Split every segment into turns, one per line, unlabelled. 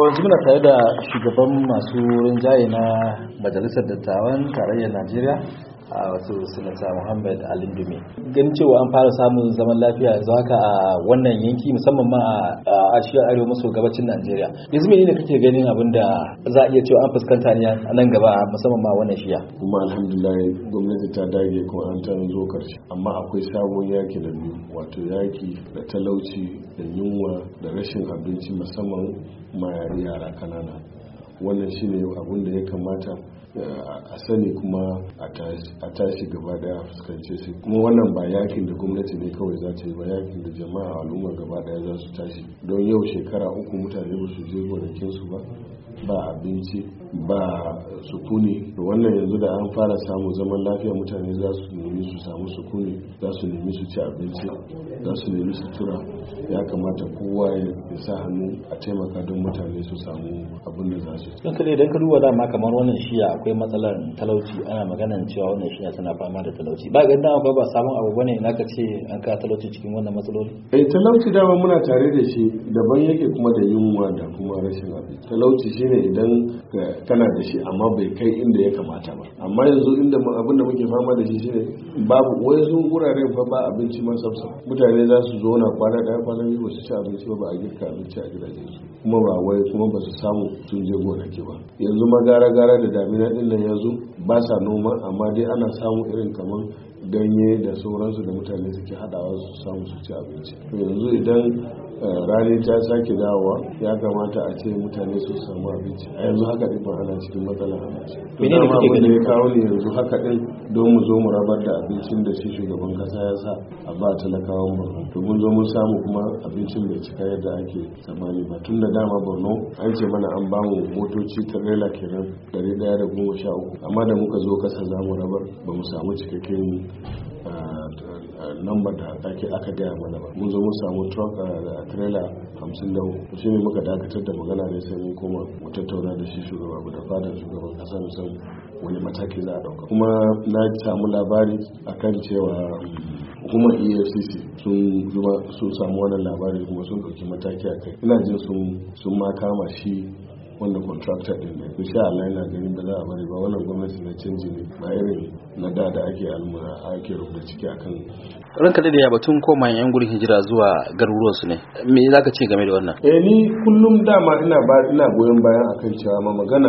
yanzu muna tare da shugaban masu rinjaye na majalisar dattawan tarayyar najeriya a wasu sinata muhammad alindumi ganin cewa an fara samun zaman lafiya yanzu haka a wannan yanki musamman ma a cikin arewa maso gabacin najeriya yanzu mene ne kake ganin abinda za a iya cewa an fuskanta ne a nan gaba musamman ma wannan shiya kuma alhamdulillah gwamnati ta dage kuma an ta zo karshe amma akwai sabon yaki da biyu wato yaki da talauci da yunwa da rashin abinci musamman ma yara kanana wannan shine abin da ya kamata a sani kuma a tashi gaba daya fuskance su kuma wannan ba yakin da gwamnati ne kawai za ta yi ba yakin da jama'a al'ummar gaba daya za su tashi don yau shekara uku mutane ba su je gonakin su ba ba abinci ba sukuni wannan yanzu da an fara samu zaman lafiya mutane za su nemi su samu sukuni za su nemi su ci abinci za su nemi sutura ya kamata kowa ya sa hannu a taimaka don mutane su samu abin da za su ci. idan ka duba dama kamar wannan shiya akwai matsalar talauci ana maganan cewa wannan shi suna fama da talauci ba ga dama ba ba samun abu bane na ka ce an ka talauci cikin wannan matsaloli eh talauci dama muna tare da shi daban yake kuma da yunwa da kuma rashin abinci talauci shine idan kana da shi amma bai kai inda ya kamata ba amma yanzu inda abin da muke fama da shi shine babu wasu wurare fa ba abinci ma sabsa mutane za su zo na kwana da kwana ne su ci abinci ba a girka abinci a gidaje su kuma ba wai kuma ba su samu sun je gonaki ba yanzu ma gara gara da damina ɗin nan ya zo ba sa noma amma dai ana samun irin kamar ganye da sauransu da mutane suke hadawa su samu su ci abinci yanzu idan eh, rani ta sake dawowa ya kamata a ce mutane su samu abinci a yanzu haka din ana cikin matsala a to ya kawo ne yanzu haka din don mu zo mu rabar da abincin da shi shugaban kasa ya sa a ba talakawa borno to mun zo mun samu kuma abincin mai cika yadda ake tsammani ba tun da dama borno an ce mana an bamu motoci tarela kenan 113 amma da muka zo kasa za mu rabar ba mu samu cikakken lambar da ake aka gaya mana ba mun zo mun samu truck da trailer hamsin da uku shi ne muka dakatar da magana ne sai mun koma mu tattauna da shi shugaba ba da fadar shugaban kasa san wani mataki za a dauka kuma na samu labari akan cewa um, hukumar efcc sun zuma sun samu wannan labari kuma sun ɗauki mataki a kai ina jin sun ma kama shi wanda contractor din ne sha Allah yana ganin ba za bari ba wannan gwamnati na canji ne ba irin na da da ake almura ake rubuta ciki akan ranka da ya batun koma yan gurin hijira zuwa garuruwan su ne me zaka ce game da wannan eh ni kullum dama ina ba ina goyon bayan akan cewa ma magana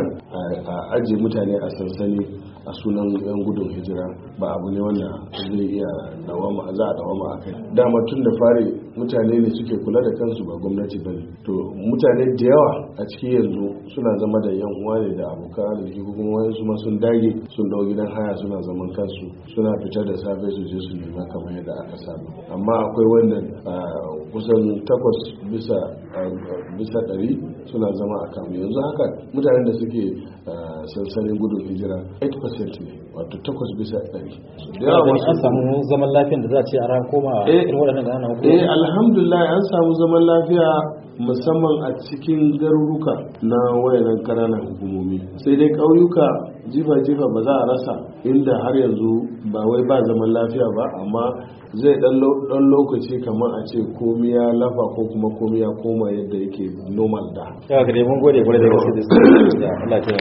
a aje mutane a sansani a sunan yan gudun hijira ba abu ne wanda zai iya dawama za a dawama a kai dama tun da fari mutane ne suke kula da kansu ba gwamnati ba ne to mutane da yawa a ciki yanzu suna zama da yan uwa ne da abokan arziki ko kuma wayansu ma sun dage sun dau gidan haya suna zaman kansu suna fitar da safe su je su nema kamar yadda aka saba amma akwai wanda kusan takwas bisa bisa ɗari suna zama a kamu yanzu haka mutanen da suke sansanin gudun hijira percent ne wato takwas bisa ɗari da yawa masu an samu zaman lafiya da za a ce a ran koma a eh, irin waɗannan gana hukumar eh alhamdulillah an samu zaman lafiya musamman a cikin garuruka na wayannan ƙananan hukumomi sai dai ƙauyuka jifa-jifa ba za a rasa inda har yanzu ba wai ba zaman lafiya ba amma zai ɗan lokaci kamar a ce komi ya lafa ko kuma komi ya koma yadda yake normal da. Ya ka dai mun gode kwarai da gaske da